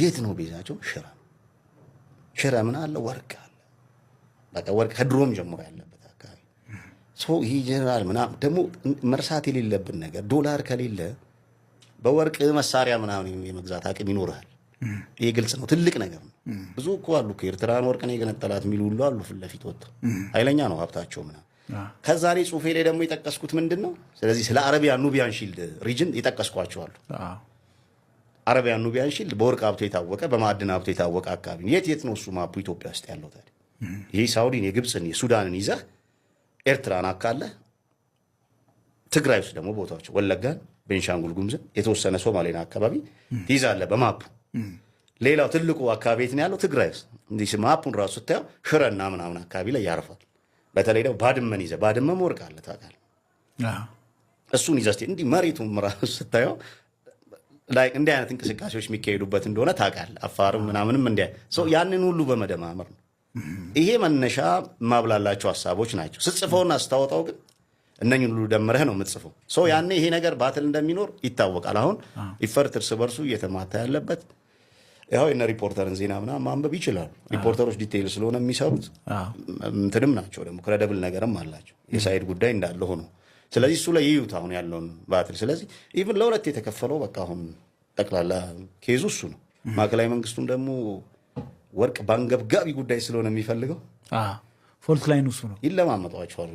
የት ነው ቤዛቸው? ሽረ ሽረ ምን አለ? ወርቅ አለ። በቃ ወርቅ ከድሮም ጀምሮ ያለበት አካባቢ ሶ ይህ ጀነራል ምናምን ደግሞ መርሳት የሌለብን ነገር ዶላር ከሌለ በወርቅ መሳሪያ ምናምን የመግዛት አቅም ይኖርሃል። ይሄ ግልጽ ነው፣ ትልቅ ነገር ነው። ብዙ እኮ አሉ ኤርትራን ወርቅ ነው የገነጠላት የሚሉ ሁሉ አሉ። ፊት ለፊት ወጥተው ኃይለኛ ነው ሀብታቸው ምናምን። ከዛ እኔ ጽሁፌ ላይ ደግሞ የጠቀስኩት ምንድን ነው፣ ስለዚህ ስለ አረቢያ ኑቢያን ሺልድ ሪጅን የጠቀስኳቸዋሉ አረቢያን ኑቢያን ሽልድ በወርቅ ሀብቶ የታወቀ በማዕድን ሀብቶ የታወቀ አካባቢ ነው። የት የት ነው እሱ ማፑ ኢትዮጵያ ውስጥ ያለው ታዲያ? ይህ ሳውዲን የግብፅን የሱዳንን ይዘህ ኤርትራን አካለህ ትግራይ ውስጥ ደግሞ ቦታዎች ወለጋን፣ ቤንሻንጉል ጉምዝን፣ የተወሰነ ሶማሌን አካባቢ ትይዛለህ በማፑ። ሌላው ትልቁ አካባቢ የት ነው ያለው? ትግራይ ውስጥ እንዲህ ማፑን ራሱ ስታየው ሽረና ምናምን አካባቢ ላይ ያርፋል። በተለይ ደግሞ ባድመን ይዘህ ባድመን ወርቅ አለ ታውቃለህ። እሱን ይዘህ እንዲህ መሬቱ ራሱ ስታየው እንዲህ አይነት እንቅስቃሴዎች የሚካሄዱበት እንደሆነ ታውቃለህ። አፋርም ምናምንም እንዲ ያንን ሁሉ በመደማመር ነው። ይሄ መነሻ ማብላላቸው ሀሳቦች ናቸው። ስጽፈውን ስታወጣው ግን እነኝን ሁሉ ደምረህ ነው የምትጽፈው። ሰው ያኔ ይሄ ነገር ባትል እንደሚኖር ይታወቃል። አሁን ይፈርት እርስ በርሱ እየተማታ ያለበት ያው የነ ሪፖርተርን ዜና ምናምን ማንበብ ይችላሉ። ሪፖርተሮች ዲቴይል ስለሆነ የሚሰሩት እንትንም ናቸው ደግሞ ክረደብል ነገርም አላቸው። የሳይድ ጉዳይ እንዳለ ሆኖ ስለዚህ እሱ ላይ ይዩት አሁን ያለውን ባትል። ስለዚህ ኢቭን ለሁለት የተከፈለው በቃ አሁን ጠቅላላ ኬዙ እሱ ነው። ማዕከላዊ መንግስቱም ደግሞ ወርቅ በአንገብጋቢ ጉዳይ ስለሆነ የሚፈልገው ፎልት ላይን እሱ ነው። ይለማመጧቸዋል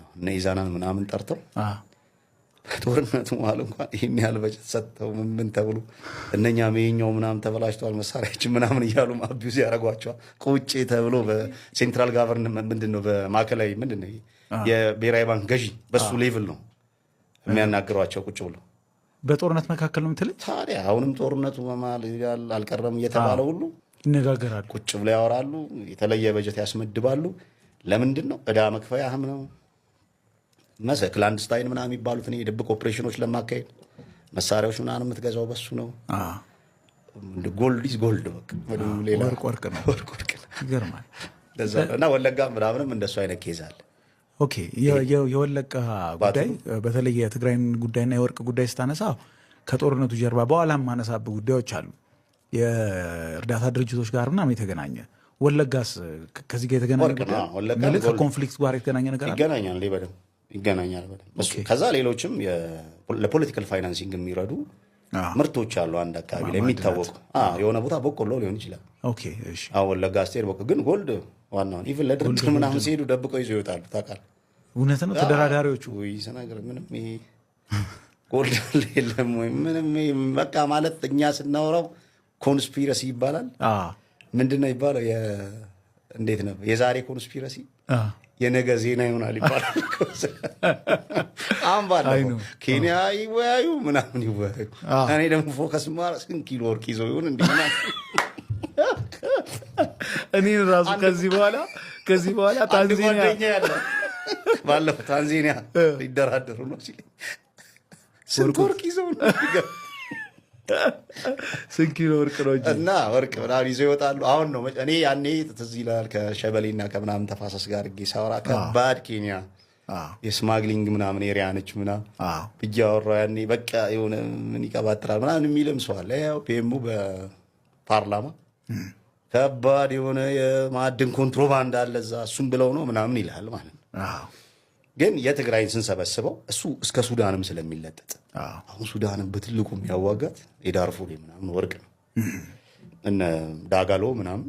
ነው እነ ኢዛናን ምናምን ጠርተው ከጦርነቱ መሃል እንኳን ይህን ያህል በጀት ሰጥተው ምምን ተብሎ እነኛ መኛው ምናምን ተበላሽተዋል መሳሪያችን ምናምን እያሉ አቢዩዝ ያደረጓቸዋል። ቁጭ ተብሎ በሴንትራል ጋቨርንመንት ምንድን ነው በማዕከላዊ ምንድን ነው የብሔራዊ ባንክ ገዢ በሱ ሌቭል ነው የሚያናግሯቸው ቁጭ ብሎ በጦርነት መካከል ነው የምትለኝ። ታዲያ አሁንም ጦርነቱ መማል አልቀረም እየተባለ ሁሉ ይነጋገራሉ። ቁጭ ብሎ ያወራሉ። የተለየ በጀት ያስመድባሉ። ለምንድን ነው መክፈያ መክፈያህም ነው ክላንድስታይን ምናምን የሚባሉት እኔ የድብቅ ኦፕሬሽኖች ለማካሄድ መሳሪያዎች ምናምን የምትገዛው በሱ ነው። ጎልድ ጎልድ፣ ወርቅ ነው። ይገርማል። እና ወለጋ ምናምንም እንደሱ አይነት ኬዝ አለ። ኦኬ፣ የወለጋ ጉዳይ በተለይ የትግራይን ጉዳይና የወርቅ ጉዳይ ስታነሳ ከጦርነቱ ጀርባ በኋላም ማነሳብ ጉዳዮች አሉ የእርዳታ ድርጅቶች ጋር ምናምን የተገናኘ ወለጋስ ከዚህ ጋር የተገናኘ ከኮንፍሊክት ጋር የተገናኘ ነገር ይገናኛል በደምብ ይገናኛል። ከዛ ሌሎችም ለፖለቲካል ፋይናንሲንግ የሚረዱ ምርቶች አሉ። አንድ አካባቢ ላይ የሚታወቁ የሆነ ቦታ በቆሎ ሊሆን ይችላል። አሁን ለጋስቴር በቆሎ ግን ጎልድ ዋናውን ኢቭን ለድርድር ምናምን ሲሄዱ ደብቀው ይዞ ይወጣሉ። ታውቃለህ፣ እውነት ነው። ተደራዳሪዎቹ ስናገር ምንም ጎልድ የለም ወይ ምንም በቃ ማለት እኛ ስናወራው ኮንስፒረሲ ይባላል። ምንድን ነው ይባለው? እንዴት ነው የዛሬ ኮንስፒረሲ የነገ ዜና ይሆናል ይባላል። አሁን ባለፈው ኬንያ ይወያዩ ምናምን ይወያዩ፣ እኔ ደግሞ ፎከስ ማ ስንት ኪሎ ወርቅ ይዘው ይሆን እንዲ እኔን ራሱ ከዚህ በኋላ ከዚህ በኋላ ታንዛኒያ ያለ ባለፈው ታንዛኒያ ሊደራደሩ ነው ሲል ስንት ወርቅ ይዘው ነው ስንት ኪሎ ወርቅ ነው እና ወርቅ ምናምን ይዞ ይወጣሉ። አሁን ነው እኔ ያኔ ትዝ ይላል ከሸበሌ ና ከምናምን ተፋሰስ ጋር ጌ ሳወራ ከባድ ኬንያ የስማግሊንግ ምናምን ኤሪያነች ምና ብያወራ ያኔ በቃ የሆነ ምን ይቀባጥራል ምናምን የሚልም ሰው ያው ፔሙ በፓርላማ ከባድ የሆነ የማዕድን ኮንትሮባንድ አለ እዛ እሱም ብለው ነው ምናምን ይላል ማለት ነው ግን የትግራይን ስንሰበስበው እሱ እስከ ሱዳንም ስለሚለጠጥ አሁን ሱዳንም በትልቁ የሚያዋጋት የዳርፉር ምናምን ወርቅ ነው። እነ ዳጋሎ ምናምን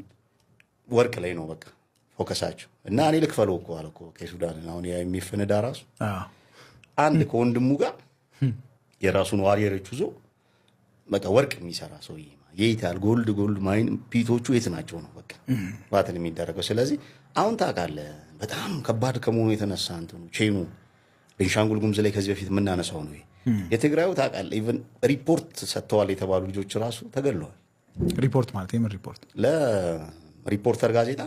ወርቅ ላይ ነው በቃ ፎከሳቸው እና እኔ ልክፈለው እኮ አለ እኮ የሱዳንን አሁን የሚፈነዳ ራሱ አንድ ከወንድሙ ጋር የራሱን ዋሪየሮች ይዞ በቃ ወርቅ የሚሰራ ሰውዬ የይታል ጎልድ ጎልድ ማይን ፒቶቹ የት ናቸው ነው በቃ ባትን የሚደረገው ስለዚህ አሁን ታውቃለህ በጣም ከባድ ከመሆኑ የተነሳ እንትኑ ቼኑ ቤንሻንጉል ጉምዝ ላይ ከዚህ በፊት የምናነሳው ነው። የትግራዩ ታውቃለህ ኢቨን ሪፖርት ሰጥተዋል የተባሉ ልጆች ራሱ ተገለዋል። ሪፖርት ማለት የምን ሪፖርት? ለሪፖርተር ጋዜጣ።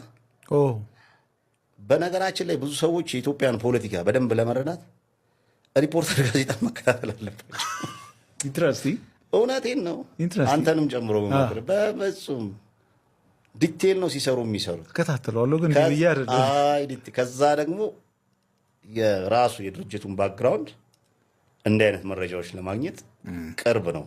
በነገራችን ላይ ብዙ ሰዎች የኢትዮጵያን ፖለቲካ በደንብ ለመረዳት ሪፖርተር ጋዜጣ መከታተል አለባቸው። ኢንትረስቲንግ፣ እውነቴን ነው። አንተንም ጨምሮ በመክር በፍጹም ዲቴል ነው ሲሰሩ የሚሰሩት እከታተለዋለሁ፣ ግን ብዬ ከዛ ደግሞ የራሱ የድርጅቱን ባክግራውንድ እንዲህ አይነት መረጃዎች ለማግኘት ቅርብ ነው።